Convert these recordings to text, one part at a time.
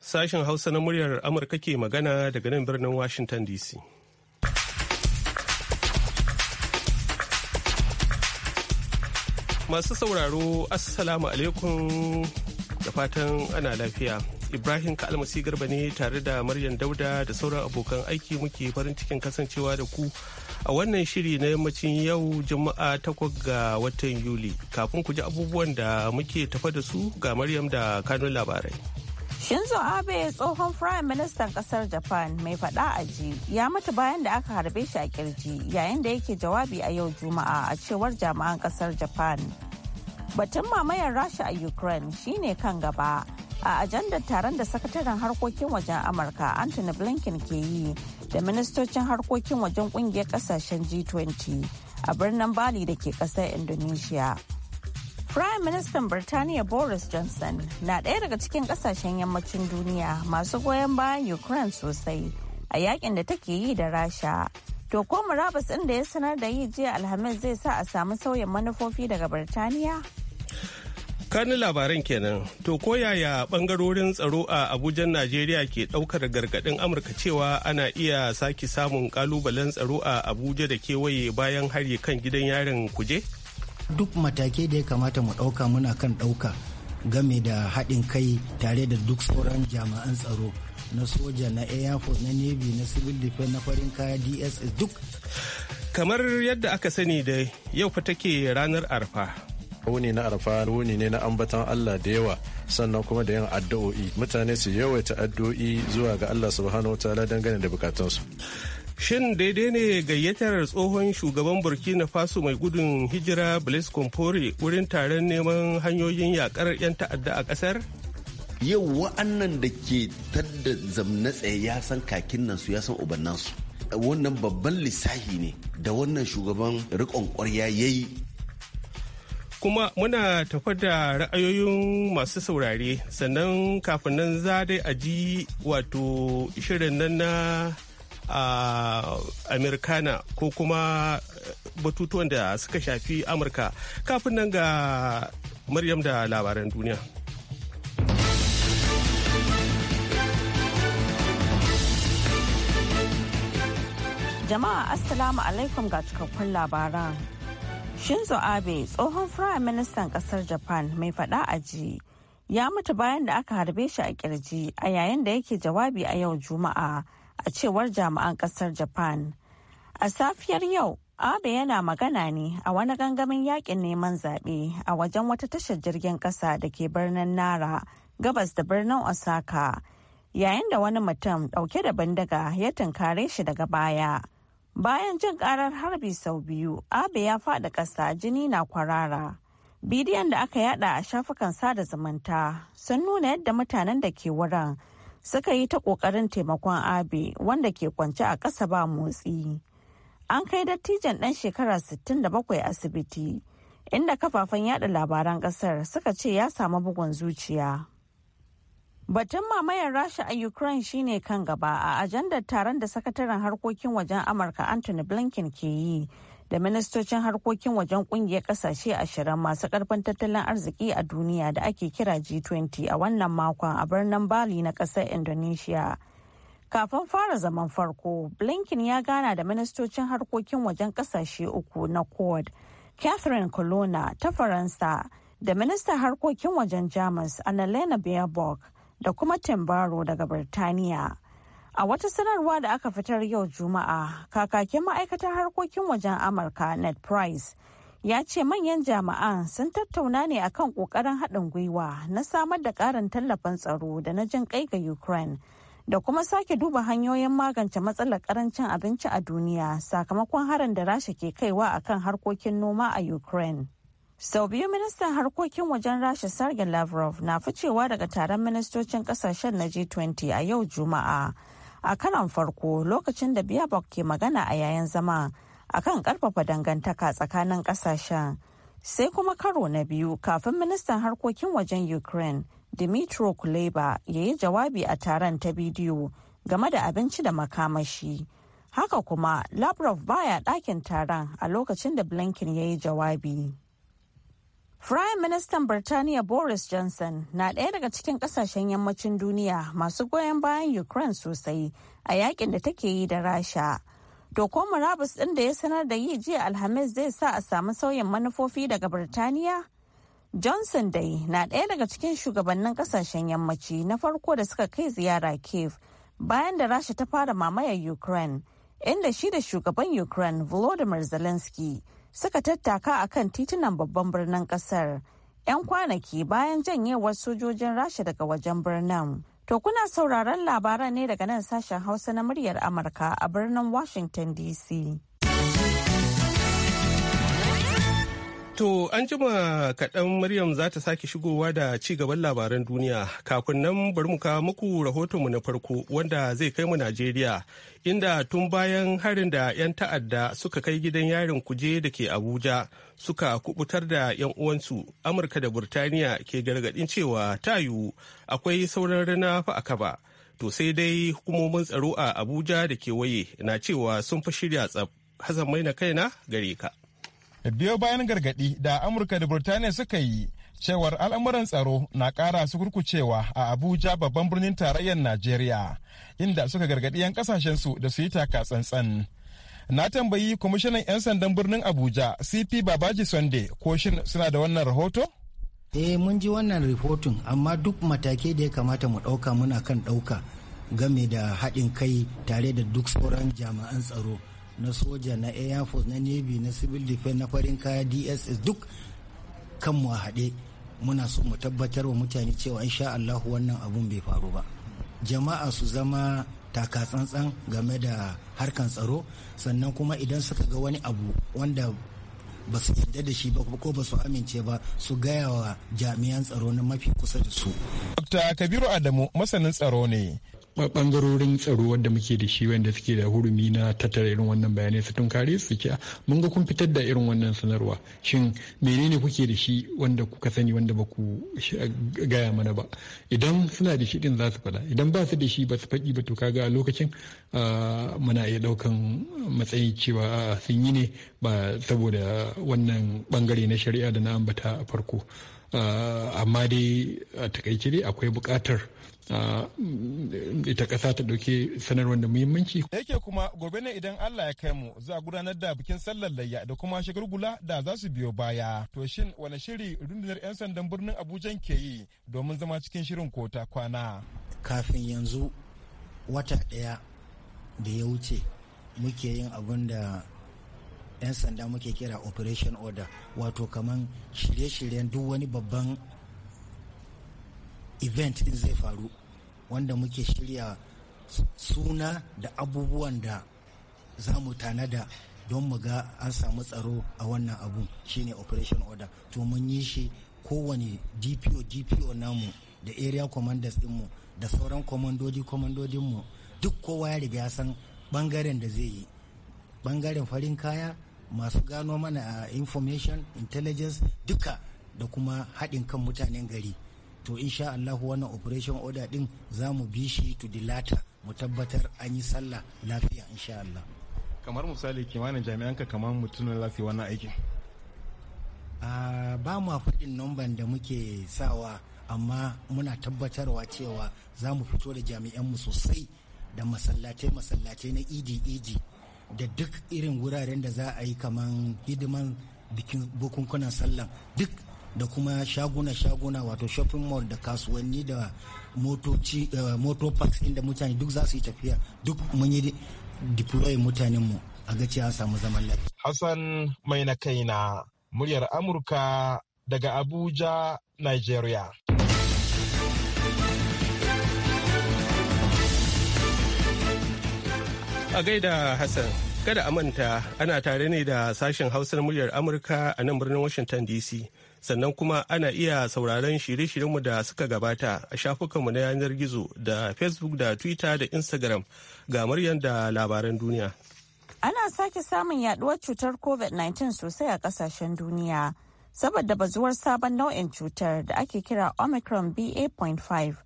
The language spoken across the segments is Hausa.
Sashen Hausa na muryar Amurka ke magana daga nan birnin Washington DC. Masu sauraro, Assalamu alaikum da fatan ana lafiya. Ibrahim Kalmasi Garba ne tare da Maryam Dauda da sauran abokan aiki muke farin cikin kasancewa da ku a wannan shiri na yammacin yau Juma'a takwas ga watan Yuli. Kafin ku ji abubuwan da muke tafa da su ga Maryam da kanun labarai. Shinzo Abe tsohon prime minister kasar Japan mai fada a ji ya mutu bayan da aka harbe shi a kirji yayin da yake jawabi a yau Juma'a a cewar jami'an kasar Japan. Batun mamayar Rasha a Ukraine shine kan gaba a ajandar taron da sakataren harkokin wajen amurka anthony blinken ke yi da ministocin harkokin wajen kungiyar kasashen g20 a birnin bali da ke kasar indonesia prime minister birtaniya boris johnson na ɗaya daga cikin kasashen yammacin duniya masu goyon bayan ukraine sosai a yakin da take yi da rasha to ko murabus inda ya sanar da yi jiya alhamis zai sa a samu sauyin manufofi daga birtaniya kanin labaran kenan to koyaya bangarorin tsaro a Abuja najeriya ke daukar gargadin amurka cewa ana iya sake samun kalubalen tsaro a abuja da kewaye bayan hari kan gidan yarin kuje duk matakai da ya kamata mu dauka muna kan dauka game da haɗin kai tare da duk sauran jami'an tsaro na soja na air force na navy na civil defense na farin kaya dss duk kamar yadda aka sani da yau fa take ranar arfa wuni na arfa wuni ne na ambatan Allah da yawa sannan kuma da yin addu'o'i mutane su yawaita addu'o'i zuwa ga Allah subhanahu wataala dangane da bukatunsu Shin daidai ne gayyatar tsohon shugaban Burkina Faso mai gudun hijira Blaise Compaore wurin taron neman hanyoyin yakar 'yan ta'adda a ƙasar? Yau wa'annan da ke tadda zamna tsaye ya san kakin nan su ya san ubannansu, Wannan babban lissahi ne da wannan shugaban riƙon ƙwarya ya yi kuma muna tafa da ra'ayoyin masu saurare sannan kafin nan za dai a ji wato shirin nan na ko kuma eh, batutuwan da suka shafi amurka kafin nan ga maryam da labaran duniya jama'a assalamu alaikum ga cikakkun labaran Shinzo Abe tsohon firayim ministan kasar Japan mai fada a ji ya mutu bayan da aka harbe shi a kirji a yayin da yake jawabi a yau Juma'a a cewar jami'an kasar Japan. A safiyar yau Abe yana magana ne a wani gangamin yakin neman zaɓe a wajen wata tashar jirgin ƙasa da ke birnin Nara gabas da birnin Osaka yayin da wani mutum ɗauke da bindiga ya tunkare shi daga baya. Bayan jin karar harbi sau biyu, Abe ya faɗi ƙasa jini na kwarara. Bidiyon da aka yada a shafukan sada zumunta sun nuna yadda mutanen da ke wurin suka yi ta ƙoƙarin taimakon Abe wanda ke kwance a ƙasa ba motsi. An kai dattijan ɗan shekara 67 asibiti, inda kafafen yada labaran ƙasar suka ce ya samu bugun zuciya. Batun mamayar Rasha a Ukraine shine kan gaba a ajandar taron da sakataren harkokin wajen Amurka Anthony Blinken ke yi da ministocin harkokin wajen kungiyar kasashe ashirin masu karfin tattalin arziki a duniya da ake kira G20 a wannan makon a birnin Bali na kasar Indonesia. Kafin fara zaman farko, Blinken ya gana da ministocin harkokin wajen kasashe uku na Quad, Catherine Colonna ta Faransa da ministan harkokin wajen Jamus Annalena Baerbock. da kuma Timbaro daga Birtaniya. A wata sanarwa da aka fitar yau Juma'a, kakakin ma'aikatar harkokin wajen Amurka Ned Price ya ce manyan jami'an sun tattauna ne akan kokarin haɗin gwiwa na samar da ƙarin tallafin tsaro da na jin kai ga Ukraine da kuma sake duba hanyoyin magance matsalar ƙarancin abinci a duniya sakamakon harin da rasha ke kaiwa akan harkokin noma a Ukraine. sau biyu ministan harkokin wajen rasha sergei lavrov na ficewa daga taron ministocin kasashen na g20 a yau juma'a a karan farko lokacin da biyabok ke magana a yayin zama a kan karfafa dangantaka tsakanin kasashen sai kuma karo na biyu kafin ministan harkokin wajen ukraine dimitro kuleba ya yi jawabi a taron ta bidiyo game da abinci da makamashi haka kuma lavrov baya ɗakin taron a lokacin da blinken ya yi jawabi Prime Ministan Birtaniya Boris Johnson na ɗaya daga cikin ƙasashen yammacin duniya masu goyon bayan Ukraine sosai a yakin da take yi da Rasha. doko murabus ɗin da ya sanar da yi jiya Alhamis zai sa a samu sauyin manufofi daga Birtaniya? Johnson dai na ɗaya daga cikin shugabannin ƙasashen yammaci na farko da suka kai ziyara Kiev bayan da Rasha ta fara mamayar Ukraine, inda shi da shugaban Ukraine Volodymyr Zelensky suka tattaka a kan titunan babban birnin kasar 'yan kwanaki bayan janyewar sojojin rasha daga wajen birnin. To kuna sauraron labaran ne daga nan sashen Hausa na muryar Amurka a birnin Washington DC. To an jima kaɗan Maryam za ta sake shigowa da ci gaban labaran duniya kafin nan bari mu kawo muku rahotonmu na farko wanda zai kai mu Najeriya inda tun bayan harin da 'yan ta'adda suka kai gidan yarin kuje da ke Abuja suka kubutar da 'yan uwansu Amurka da Burtaniya ke gargaɗin cewa ta yiwu akwai sauran rana fa aka ba. To sai dai hukumomin tsaro a Abuja da ke Waye na cewa sun fi shirya tsab. Hazan mai na kaina gare ka. biyo bayan gargadi da amurka da burtaniya suka yi cewar al'amuran tsaro na kara su kurkucewa a abuja babban birnin tarayyar najeriya inda suka gargadi 'yan kasashen su da su yi taka tsantsan na tambayi kwamishinan 'yan sandan birnin abuja cp babaji sunday ko shin suna da wannan rahoto eh mun ji wannan rahoton amma duk matakai da ya kamata mu ɗauka muna kan ɗauka game da haɗin kai tare da duk sauran jami'an tsaro na soja na air force na navy na civil defense na farin kaya dss duk kanmu a haɗe muna so mu tabbatar wa mutane cewa insha allahu wannan abun bai faru ba jama'a su zama taka tsantsan game da harkan tsaro sannan kuma idan suka ga wani abu wanda ba su yarda da shi ba ko ba su amince ba su gaya wa jami'an tsaro na mafi kusa da su. Dr. Kabiru Adamu masanin tsaro ne bangarorin tsaro wanda muke da shi wanda suke da hurumi na tattara irin wannan bayanai su kare su ce ah, mun ga kun fitar da irin wannan sanarwa shin menene kuke da shi wanda kuka sani wanda ba ku ah, gaya mana ba idan suna da shi din za su faɗa idan ba su da shi ba su faɗi ba to kaga a lokacin ah, muna iya ɗaukan matsayin cewa sun yi ne ba saboda wannan ɓangare na shari'a da na ambata a farko Ah, amma dai a takaice dai akwai bukatar ah, ita kasa ta ɗauki sanarwar da muhimmanci. Da yake kuma gobe ne idan Allah ya kai mu za a gudanar da bikin sallar layya da kuma shagulgula da za su biyo baya. To shin wani shiri rundunar 'yan sandan birnin Abuja ke yi domin zama cikin shirin kota kwana? Kafin yanzu wata ɗaya da ya wuce muke yin abin da 'yan sanda muke kira operation order wato kaman shirye-shiryen duk wani babban event in zai faru wanda muke shirya suna da abubuwan da za mu tanada don mu ga an samu tsaro a wannan abu shine operation order to mun yi shi kowane dpo dpo namu da area commanders dinmu da sauran komandoji komandodinmu duk kowa ya riga san bangaren da zai yi bangaren farin kaya masu gano mana a information intelligence duka da kuma haɗin kan mutanen gari to insha Allah wannan operation order din za mu bi shi to the latter mu tabbatar an yi sallah lafiya insha Allah kamar misali kimanin jami'an ka kamar mutumin lafiya wannan aikin ba mu faɗin numban da muke sawa amma muna tabbatarwa cewa za mu fito da jami'anmu sosai da masallatai masallatai na idi idi da duk irin wuraren da za a yi kaman hidiman bikin bukunkunan sallah duk da kuma shaguna-shaguna wato shopping mall da kasuwanni da motoci eh, moto parks inda mutane duk za su yi tafiya duk mun yi deploy mutanen mu a ga cewa samu zaman lafiya. Hassan mai na kaina muryar Amurka daga Abuja, Nigeria. A gaida Hassan, kada a manta ana tare ne da sashen hausar muryar Amurka a nan birnin Washington DC. Sannan kuma ana iya sauraron shirye-shiryenmu da suka gabata a shafukanmu na yanar gizo da Facebook da Twitter da Instagram ga muryar da labaran duniya. Ana sake samun yaduwar cutar COVID-19 sosai a kasashen duniya. Saboda bazuwar sabon nau'in cutar da ake kira Omicron BA.5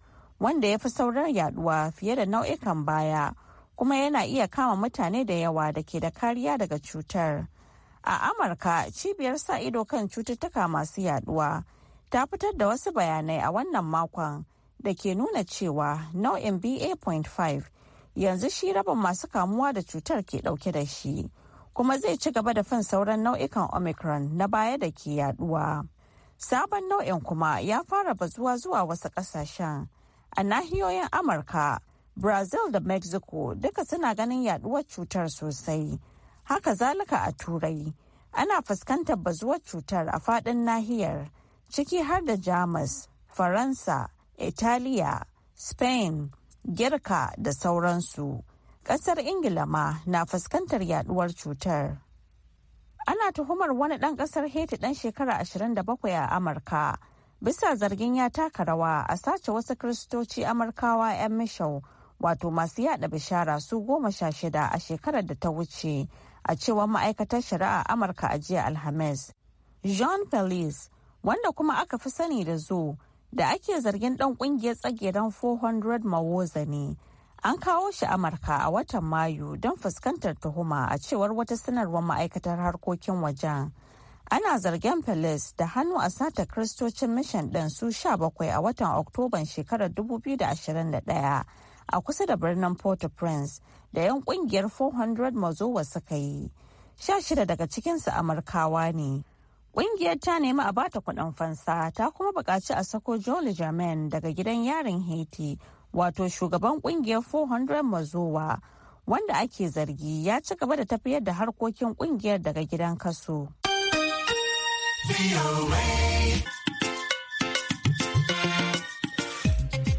wanda ya fi sauran yaduwa fiye da nau'ikan baya. kuma yana iya kama mutane da yawa da ke da kariya daga cutar. A Amurka, cibiyar sa ido kan cututtuka masu yaduwa ta fitar da wasu bayanai a wannan makon da ke nuna cewa nau'in BA.5 yanzu shi rabin masu kamuwa da cutar ke dauke da shi, kuma zai ci gaba da fin sauran nau'ikan Omicron na baya da ke yaduwa. Sabon nau'in kuma ya fara bazuwa zuwa wasu ƙasashen a nahiyoyin Amurka. brazil da mexico duka suna ganin yaduwar cutar sosai haka zalika a turai ana fuskantar bazuwar cutar a fadin nahiyar ciki har da jamus faransa italiya spain girka da sauransu kasar ingila ma na fuskantar yaduwar cutar ana tuhumar wani dan kasar haiti dan shekara 27 a amurka bisa zargin ya taka rawa a sace wasu kristoci amurkawa 'yan mishau wato masu yada bishara su goma sha shida a shekarar da ta wuce a cewar ma'aikatar shari'a amurka a jiya alhamis jean felice wanda kuma aka fi sani da zo da ake zargin dan kungiyar tsageren 400 mawoza ne an kawo shi amurka a watan mayu don fuskantar tuhuma a cewar wata sanarwar ma'aikatar harkokin wajen ana zargin felice da hannu a sata kristocin mishan din su 17 a watan oktoban shekarar 2021 a kusa da birnin port-au-prince da 'yan kungiyar 400 mazowa suka yi sha shida daga cikinsu amurkawa ne kungiyar ta nemi a bata kudin fansa ta kuma bukaci a sako John germain daga gidan yarin haiti wato shugaban kungiyar 400 mazowa wanda ake zargi ya ci gaba da tafiyar da harkokin kungiyar daga gidan kaso.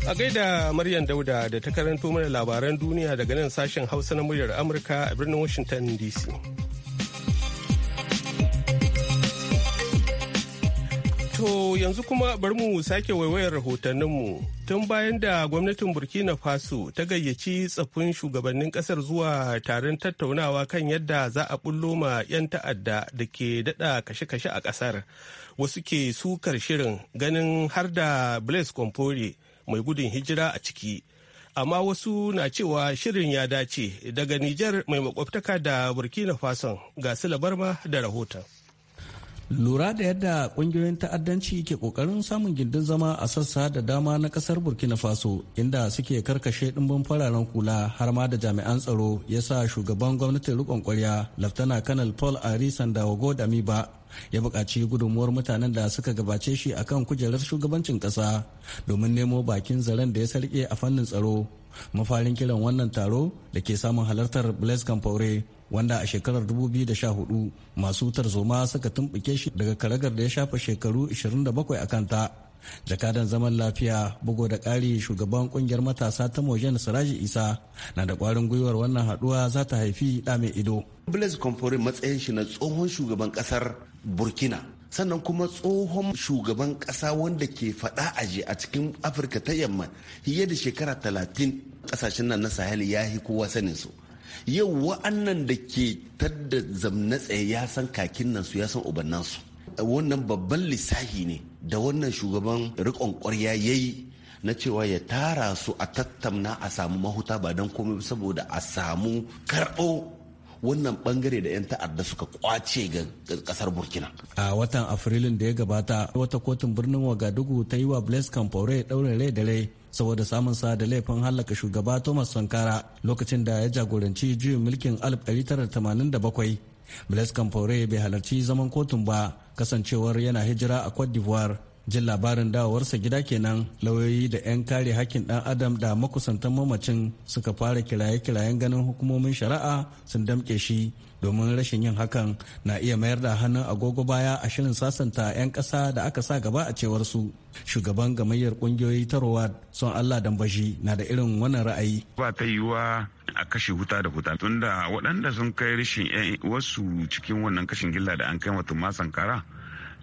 A gaida Maryam Dauda da ta karanto mana labaran duniya daga nan sashen Hausa na muryar Amurka a birnin Washington DC. To yanzu kuma bari mu sake waiwayar rahotanninmu tun bayan da gwamnatin Burkina Faso ta gayyaci tsaffin shugabannin kasar zuwa taron tattaunawa kan yadda za a bullo ma 'yan ta'adda da ke dada kashe-kashe a kasar. Wasu ke sukar shirin ganin har da Blaise Compaore mai gudun hijira a ciki amma wasu na cewa shirin ya dace daga nijar mai makwabtaka da burkina faso ga barma da rahoton lura da yadda kungiyoyin ta'addanci ke kokarin samun gindin zama a sassa da dama na kasar burkina faso inda suke karkashe dimbin fararen kula har ma da jami'an tsaro ya sa shugaban gwamnatin rikon kwarya laftana kanal paul ari sandawago ba. ya buƙaci gudunmuwar mutanen da suka gabace shi akan kujerar shugabancin ƙasa domin nemo bakin zaren da ya sarƙe a fannin tsaro mafarin kiran wannan taro da ke samun halartar blaise campore wanda a shekarar 2014 masu tarzoma suka tumɓuke shi daga karagar da ya shafa shekaru 27 a kanta jakadan zaman lafiya bugu da ƙari shugaban kungiyar matasa ta mojen siraji isa na da ƙwarin gwiwar wannan haɗuwa za ta haifi ɗa mai ido blaise compaore matsayin shi na tsohon shugaban ƙasar burkina sannan kuma tsohon shugaban ƙasa wanda ke faɗa aji a cikin afirka ta yamma fiye da shekara talatin ƙasashen nan na sahel ya yi kowa sanin su yau wa'annan da ke tadda zamna tsaye ya san kakin nan su ya san ubannansu. wannan babban lissahi ne da wannan shugaban rikon kwarya ya yi na cewa ya tara su a tattamna a samu mahuta ba don komai saboda a samu karɓo wannan bangare da 'yan ta'adda suka kwace ga kasar burkina a watan afrilun da ya gabata wata kotun birnin wagadugu ta yi wa blaise kamfore daure rai da rai saboda samun sa da laifin hallaka shugaba thomas sankara lokacin da ya jagoranci juyin mulkin 1987 blaise campore bai halarci zaman kotun ba kasancewar yana hijira a Cote d'Ivoire jin labarin dawowarsa gida kenan lauyoyi da 'yan kare hakkin dan adam da makusantan mamacin suka fara kiraye-kirayen ganin hukumomin shari'a sun damke shi domin rashin yin hakan na iya mayar da hannun agogo baya a shirin sasanta 'yan ƙasa da aka sa gaba a cewar su shugaban gamayyar kungiyoyi ta sun son allah dambashi na da irin wannan ra'ayi ba ta yiwuwa a kashe huta da huta tunda waɗanda sun kai rashin wasu cikin wannan kashin gilla da an kai mutum tumma sankara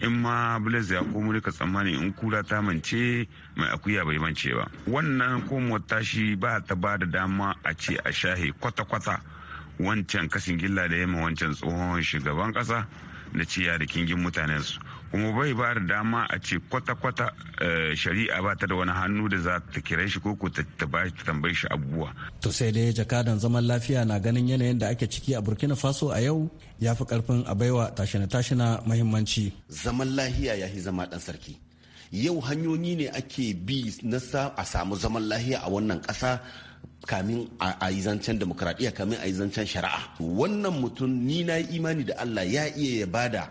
in ma blaze ya komo ka tsammani in kura ta mance mai akuya bai mance ba wannan komowar tashi ba ta ba da dama a ce a shahe kwata-kwata wancan kasin gilla da yamma wancan tsohon shugaban kasa da ciya da kingin mutanensu kuma bai ba da dama a ce kwata-kwata eh, shari'a ba ta da wani hannu da za ta kira shi ko ta tambayi shi abubuwa. To sai dai jakadan zaman lafiya na ganin yanayin da ake ciki a Burkina Faso a yau ya fi karfin a baiwa tashina-tashina mahimmanci. Zaman lahiya ya fi zama dan sarki. Yau hanyoyi ne ake bi na sa a samu zaman lahiya a wannan ƙasa kamin a yi zancen demokradiyya kamin a yi zancen shari'a. Wannan mutum ni na imani da Allah ya iya ya bada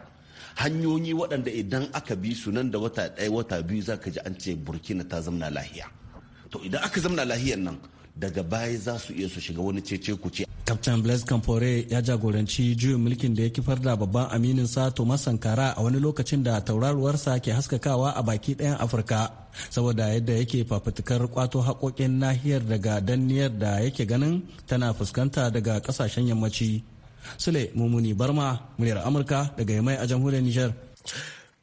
hanyoyi waɗanda idan aka bi su nan da wata ɗaya wata biyu za ka ji an ce burkina ta zamna lahiya to idan aka zamna lahiyar nan daga baya za su iya su shiga wani cece kuce Captain Blaise Campore ya jagoranci juyin mulkin da ya kifar da babban aminin sa Thomas Sankara a wani lokacin da tauraruwarsa ke haskakawa a baki ɗayan Afirka saboda yadda yake fafutukar kwato haƙoƙin nahiyar daga danniyar da yake ganin tana fuskanta daga ƙasashen yammaci. Sule Mumuni Barma, muryar Amurka daga Yamai a jamhuriyar Nijar.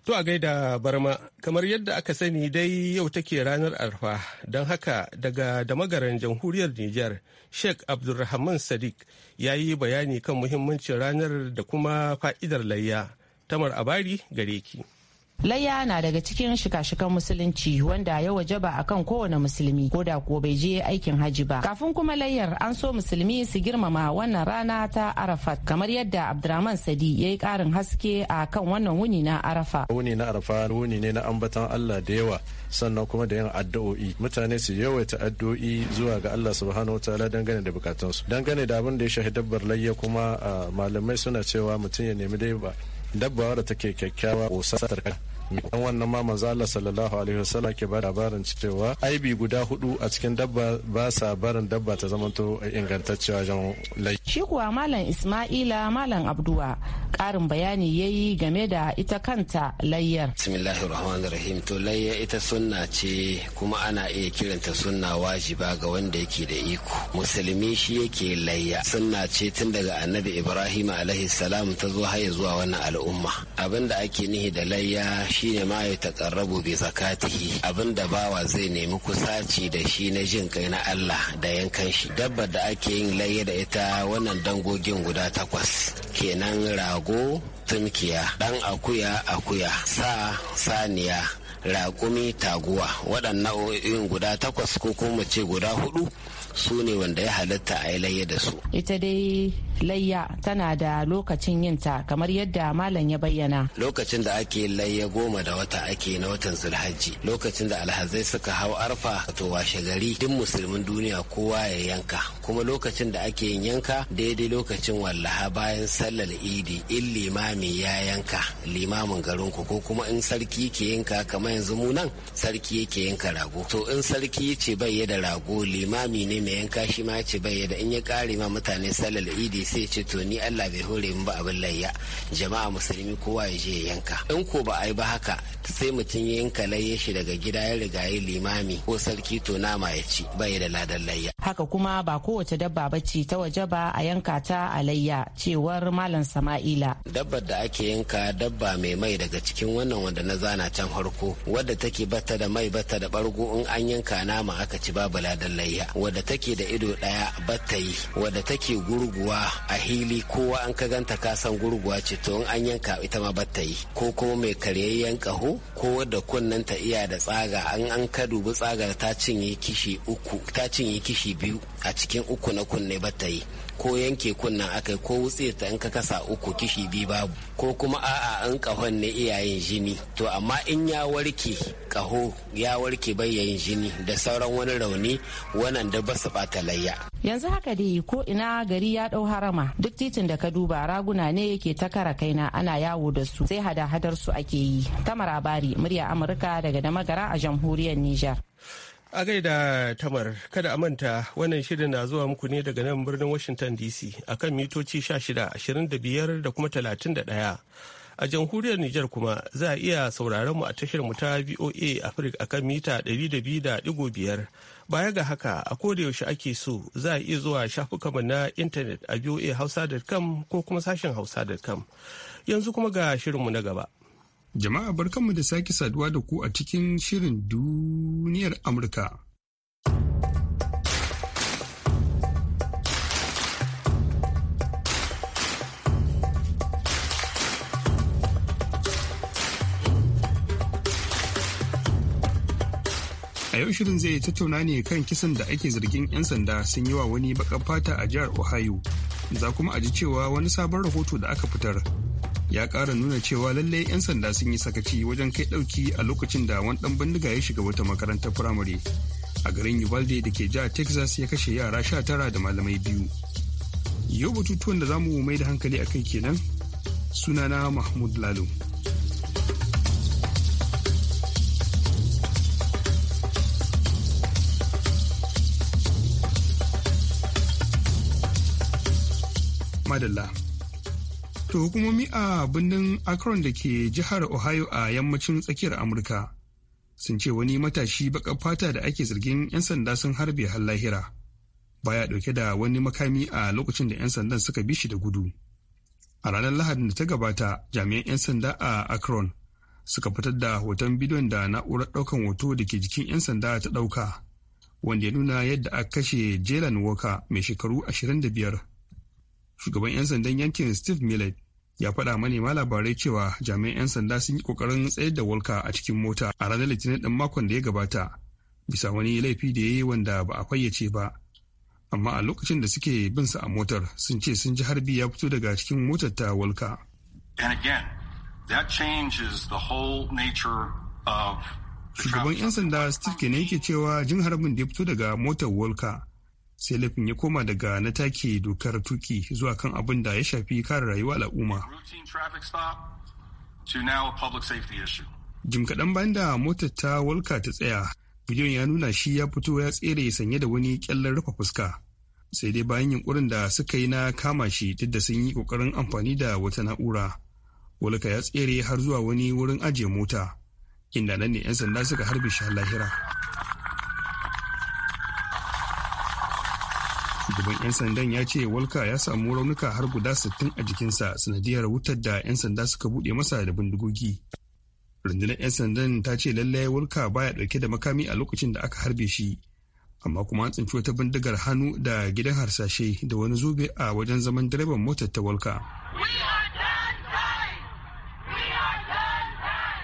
To a gaida barma, kamar yadda aka sani dai yau take ranar arfa, don haka daga damagaran jamhuriyar Nijar, Sheikh Abdulrahman Sadiq ya yi bayani kan muhimmancin ranar da kuma fa'idar layya. Tamar Abari gare ki. Layya na daga cikin shika-shikan musulunci wanda ya wajaba kan kowane musulmi ko da kuwa bai je aikin haji ba. Kafin kuma layyar an so musulmi su girmama wannan rana ta Arafat kamar yadda Abdurrahman Sadi ya yi karin haske a kan wannan wuni na Arafa. Wuni na Arafa wuni ne na ambatan Allah da yawa sannan kuma da yin addu'o'i. Mutane su yawaita addu'o'i zuwa ga Allah subhanahu wa ta'ala dangane da bukatunsu. Dangane da abin da ya shahi dabbar layya kuma malamai suna cewa mutum ya nemi dai ba dabbawar da take kyakkyawa ko satar dan wannan ma Allah sallallahu alaihi wasallam ke ba labarin cewa aibi guda hudu a cikin dabba ba sa barin dabba ta zamanto ingantacciya wajen lai shi kuwa malam ismaila malam Abdua karin bayani yayi game da ita kanta layyar bismillahir rahmanir rahim to layya ita sunna ce kuma ana iya kiranta sunna wajiba ga wanda yake da iko musulmi shi yake layya sunna ce tun daga annabi ibrahim alaihi salam ta zo har zuwa wannan al'umma abinda ake nihi da layya shine ma ya taƙarrabu bi zakatihi abinda bawa zai nemi kusaci da shi na jin kai na Allah da yankan shi dabba da ake yin layya da ita wannan dangogin guda takwas kenan rago tunkiya dan akuya akuya sa saniya raƙumi taguwa waɗannan nau'o'in guda takwas ko kuma ce guda hudu su ne wanda ya halatta a yi layya da su ita dai layya tana da lokacin yinta kamar yadda malam ya bayyana. Lokacin da ake layya goma da wata ake na watan sulhaji lokacin da alhazai suka hau arfa to washe gari duk musulmin duniya kowa ya yanka kuma lokacin da ake yin yanka daidai lokacin wallaha bayan sallar idi in limami ya yanka limamin garin ku ko kuma in sarki ke yanka kamar yanzu mu nan sarki yake yanka rago to in sarki ce bai da rago limami ne mai yanka shi ma ce bai da in ya kare ma mutane sallar idi sai ce to ni Allah bai hore mu ba abin layya jama'a musulmi kowa ya je ya yanka in ko ba a ba haka sai mutum ya yanka layya shi daga gida ya riga ya limami ko sarki to nama ya ci bai da ladan layya haka kuma ba kowace dabba ba ce ta waje ba a yanka ta a layya cewar malam sama'ila dabbar da ake yanka dabba mai mai daga cikin wannan wanda na zana can harko wadda take bata da mai bata da bargo in an yanka nama aka ci babu ladan layya wadda take da ido daya bata yi wadda take gurguwa a hili kowa an ka ganta ka gurguwa ce to in an yanka ita ma batta yi ko kuma mai karyayyen kaho ko da kunnen ta iya da tsaga an an ka dubi tsagar ta cinye kishi uku ta cinye kishi biyu a cikin uku na kunne batta yi ko yanke kunnan akai ko wutse ta in ka kasa uku kishi biyu babu ko kuma a'a an kahon ne iyayen jini to amma in ya warke kaho ya warke bayyan jini da sauran wani rauni wannan da su bata layya yanzu haka dai ko ina gari ya dau harama duk titin da ka duba raguna ne yake ta kara kaina ana yawo da su sai hada hadar su ake yi tamara bari murya amurka daga da magara a jamhuriyar niger A gaida tamar kada a manta wannan shirin na zuwa muku ne daga nan birnin Washington DC a kan mitoci 16, 25 da kuma 31. a jamhuriyar Nijar kuma za a iya sauraron mu a tashar mu ta VOA Africa a kan mita 200.5 baya ga haka a koda yaushe ake so za a iya zuwa shafukanmu na intanet a voahausa.com ko kuma sashen hausa.com yanzu kuma ga shirinmu na gaba. Jama'a barkanmu da sake saduwa da ku a cikin shirin duniyar Amurka. A yau shirin zai tattauna ne kan kisan da ake zargin 'yan sanda sun yi wa wani baƙar fata a jihar Ohio. Za kuma a ji cewa wani sabon rahoto da aka fitar ya kara nuna cewa lallai 'yan sanda sun yi sakaci wajen kai ɗauki a lokacin da wani ɗan bindiga ya shiga wata makarantar firamare a garin uvalde da ke jihar texas ya kashe yara sha tara da malamai biyu yau batutuwan da zamu mai da hankali a kai kenan sunana mahmud lalo madalla To hukumomi a birnin Akron da ke jihar Ohio a yammacin tsakiyar Amurka sun ce wani matashi baƙar fata da ake zargin 'yan sanda sun harbe har lahira. Baya ɗauke da wani makami a lokacin da 'yan sandan suka bi shi da gudu. A ranar Lahadin da ta gabata, jami'an 'yan sanda a Akron suka fitar da hoton bidiyon da na'urar ɗaukan hoto da ke jikin 'yan sanda ta ɗauka, wanda ya nuna yadda aka kashe Jalen Walker mai shekaru ashirin da biyar. shugaban 'yan sandan yankin steve millet ya faɗa manema labarai cewa jami'an 'yan sanda sun yi kokarin tsayar da walka a cikin mota a ranar litinin ɗin makon da ya gabata bisa wani laifi da ya yi wanda ba a fayyace ba amma a lokacin da suke bin sa a motar sun ce sun ji harbi ya fito daga cikin motar ta walka shugaban 'yan sanda steve kene yake cewa jin harbin da ya fito daga motar walka sai laifin ya koma daga na take dokar tuki zuwa kan abin da ya shafi kare rayuwa al'umma. Jim kaɗan bayan da motar ta walka ta tsaya, bidiyon ya nuna shi ya fito ya tsere sanye da wani kyallar rufe fuska. Sai dai bayan yunkurin da suka yi na kama shi duk da sun yi ƙoƙarin amfani da wata na'ura. Walka ya tsere har zuwa wani wurin ajiye mota, inda nan ne 'yan sanda suka harbe shi lahira. 'yan sandan ya ce walka ya samu raunuka har guda 60 a jikinsa sanadiyar wutar da 'yan sanda suka buɗe masa da bindigogi rundunar 'yan sandan ta ce lallai walka baya ɗauke da makami a lokacin da aka harbe shi amma kuma an tsinci wata bindigar hannu da gidan harsashe da wani zobe a wajen zaman direban motar ta walka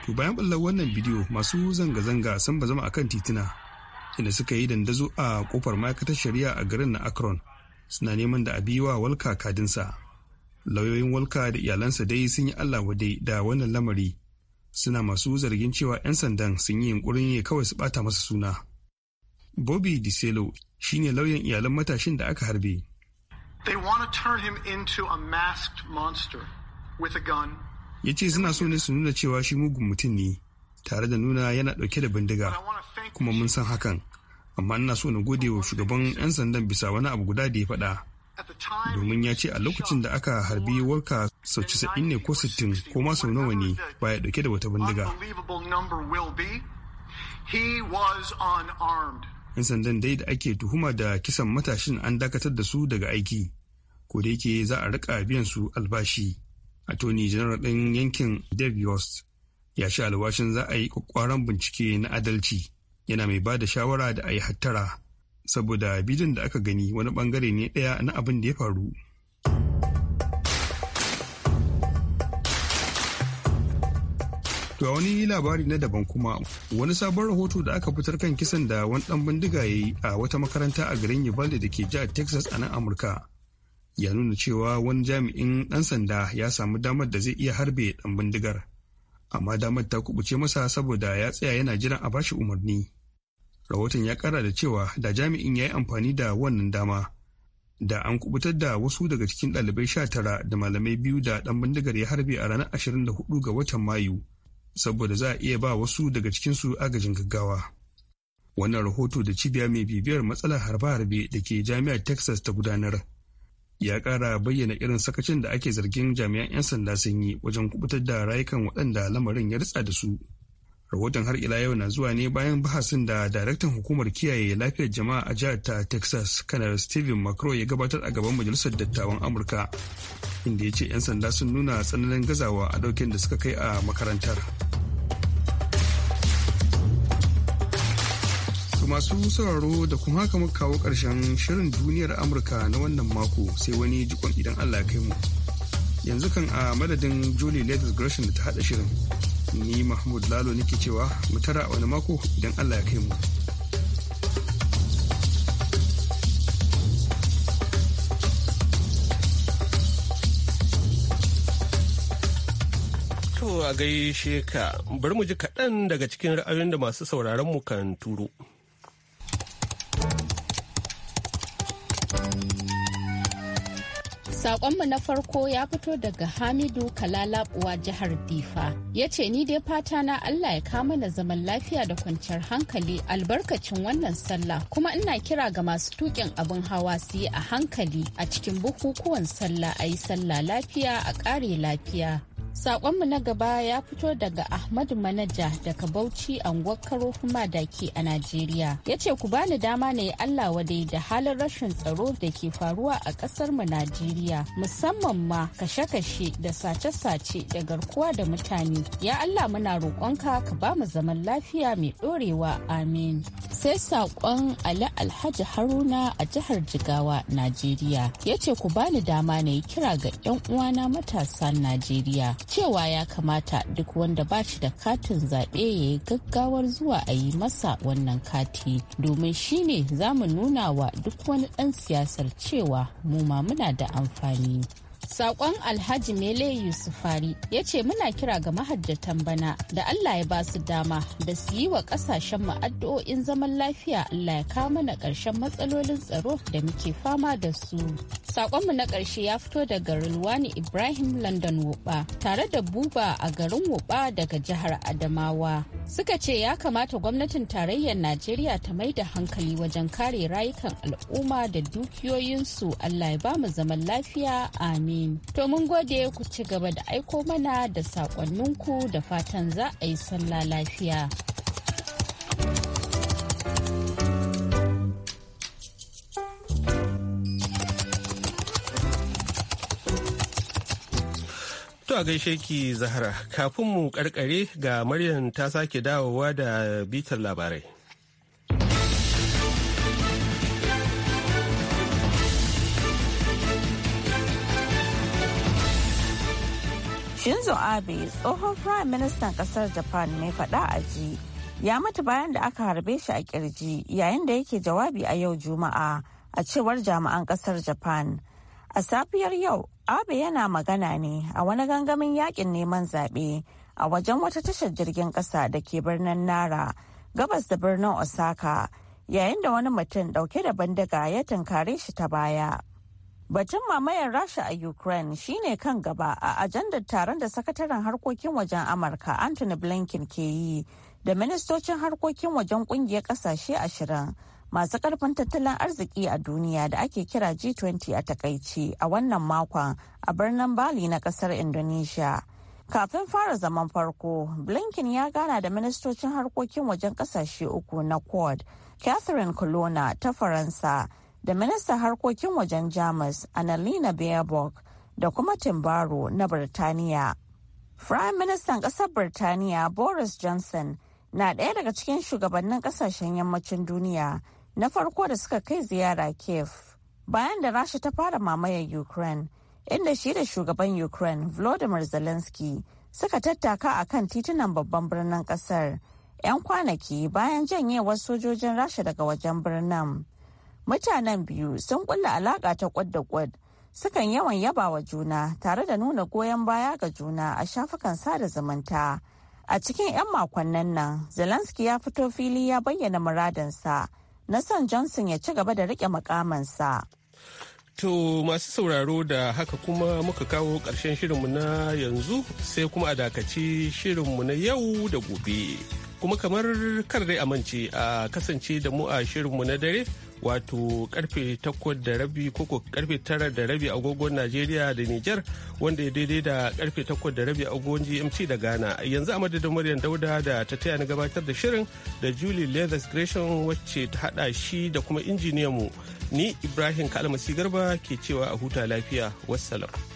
to bayan ɓallar wannan bidiyo masu zanga-zanga sun ba zama akan tituna inda suka yi dandazo a kofar ma'aikatar shari'a a garin na akron suna neman da abi wa walka kadinsa lauyoyin walka da iyalansa dai sun yi allah wadai da wannan lamari suna masu zargin cewa 'yan sandan sun yi yunkurin ne kawai su bata masa suna bobby diselo shine lauyan iyalan matashin da aka harbe they want to turn him into a masked monster with a gun ya ce suna so ne su nuna cewa shi mugun mutum ne tare da nuna yana dauke da bindiga kuma mun san hakan amma ina so na gode wa shugaban 'yan sandan bisa wani abu guda da ya faɗa domin ya ce a lokacin da aka harbi warka sau 90 ne ko 60 ko ma sau nawa ne ba ya dauke da wata bindiga. Yan sandan dai da ake tuhuma da kisan matashin an dakatar da su daga aiki, ko da yake za a rika biyan su albashi. a Attorney General din yankin Dave Yost ya sha alwashin za a yi kwakwaran bincike na adalci. yana mai ba da shawara da a yi hattara saboda bidiyon da aka gani wani bangare ne ɗaya na abin da ya faru To wani labari na daban kuma wani sabon rahoto da aka fitar kan kisan da wani ɗan bindiga ya yi a wata makaranta a garin Uvalde da ke jihar Texas a nan Amurka. Ya nuna cewa wani jami'in ɗan sanda ya samu damar da zai iya harbe ɗan bindigar. Amma damar ta kubuce masa saboda ya tsaya yana jiran a bashi umarni. rahoton ya kara da cewa da jami'in ya yi amfani da wannan dama da an kubutar da wasu daga cikin ɗalibai sha tara da malamai biyu da ɗan bindigar ya harbe a ranar ashirin da hudu ga watan mayu saboda za a iya ba wasu daga cikinsu agajin gaggawa wannan rahoto da cibiya mai bibiyar matsalar harbe-harbe da ke jami'ar texas ta gudanar ya ƙara bayyana irin sakacin da ake zargin jami'an 'yan sanda sun yi wajen kubutar da rayukan waɗanda lamarin ya ritsa da su rahoton har ila yau na zuwa ne bayan bahasin da daraktan hukumar kiyaye lafiyar jama'a a jihar ta texas kanar steven macro ya gabatar a gaban majalisar dattawan amurka inda ya ce 'yan sanda sun nuna tsananin gazawa a daukin da suka kai a makarantar masu sauraro da kuma haka muka kawo karshen shirin duniyar amurka na wannan mako sai wani jikon idan allah kai mu yanzu kan a madadin julie latest gresham da ta hada shirin ni mahmud lalo nake cewa mu tara a wani mako idan allah ya kai mu to a gaishe ka bari mu ji kaɗan daga cikin ra'ayoyin da masu sauraron mu kan turo Sakonmu na farko ya fito daga Hamidu Kalalabuwa jihar Difa. Ya ce ni dai fata na Allah ya kama na zaman lafiya da kwanciyar hankali albarkacin wannan sallah kuma ina kira ga masu tukin abin hawa su yi a hankali a cikin bukukuwan sallah a yi sallah lafiya a ƙare lafiya. Sakonmu na gaba ya fito daga Ahmadu Manaja daga Bauchi anguwar kuma da ke a Najeriya. Ya ce ku bani dama na yi Allah wadai da halin rashin tsaro da ke faruwa a ƙasar mu Najeriya musamman ma kashe-kashe da sace-sace da garkuwa da mutane. Ya Allah muna roƙonka ka ba mu zaman lafiya mai ɗorewa amin. Sai sakon Ali Alhaji Haruna a jihar Jigawa, Najeriya. Ya ce ku bani dama na kira ga 'yan uwana matasan Najeriya. cewa ya kamata duk wanda ba shi da katin zaɓe ya yi gaggawar zuwa a yi masa wannan kati domin shi ne za mu nuna wa duk wani ɗan siyasar cewa mu ma muna da amfani Sakon Alhaji Mele Yusufari ya ce muna kira ga mahajjatan bana da Allah ya ba su dama da su yi wa kasashen mu addu'o'in zaman lafiya Allah ya kawo mana ƙarshen matsalolin tsaro da muke fama da su. Sakonmu na ƙarshe ya fito daga Rulwani Ibrahim London Wuba tare da Buba a garin Wuba daga jihar Adamawa. Suka ce ya kamata gwamnatin tarayyar Najeriya ta mai da hankali wajen kare rayukan al'umma da dukiyoyinsu Allah ya ba mu zaman lafiya amin. Amin. To mun gode ku ci gaba da aiko mana da sakonninku da fatan za a yi sallah lafiya. a gaishe ki Zahra, kafin mu karkare ga Maryam ta sake dawowa da bitar labarai. Shinzo Abe tsohon Prime Minister kasar Japan mai faɗa a ji ya mutu bayan da aka harbe shi a kirji yayin da yake jawabi a yau Juma'a a cewar jami'an kasar Japan. A safiyar yau Abe yana magana ne a wani gangamin yakin neman zaɓe a wajen wata tashar jirgin ƙasa da ke birnin Nara gabas da birnin Osaka yayin da wani mutum ɗauke da bindiga ya tunkare shi ta baya. Batun mamayar Rasha a Ukraine shine kan gaba a ajandar taron da sakataren harkokin wajen Amurka Anthony Blinken ke yi da ministocin harkokin wajen kungiyar kasashe ashirin masu karfin tattalin arziki a duniya da ake kira G20 a takaici a wannan makon a birnin Bali na kasar Indonesia. Kafin fara zaman farko, Blinken ya gana da ministocin harkokin wajen kasashe uku na Quad, Catherine Colonna ta Faransa. da ministan harkokin wajen jamus annalena baerbock da kuma timbaro na birtaniya firayim ministan ƙasar birtaniya boris johnson na ɗaya daga cikin shugabannin kasashen yammacin duniya na farko da suka kai ziyara kiev bayan da rasha ta fara mamayar ukraine inda shi da shugaban ukraine volodymyr zelensky suka tattaka a kan titunan babban birnin kasar 'yan kwanaki bayan janyewar sojojin rasha daga wajen birnin mutanen biyu sun kulla alaka ta kwad da kwad sukan yawan yaba wa juna tare da nuna goyon baya ga juna a shafukan sada zumunta a cikin 'yan makonnan nan zelensky ya fito fili ya bayyana muradinsa na son johnson ya ci gaba da rike makamansa To masu sauraro da haka kuma muka kawo ƙarshen shirinmu na yanzu sai kuma a dakaci shirinmu na yau da gobe. Kuma kamar kar dai amince a kasance da mu a shirinmu na dare wato karfe takwas da rabi koko karfe tara da rabi agogon Najeriya da Nijar wanda ya daidai da karfe takwas da rabi agogon GMT da Ghana. Yanzu a madadin Maryam Dauda da ta taya na gabatar da shirin da Julie Leathers Gresham wacce ta hada shi da kuma injiniyan mu Ni Ibrahim Kalmasi Garba ke cewa a huta lafiya. Wassalam.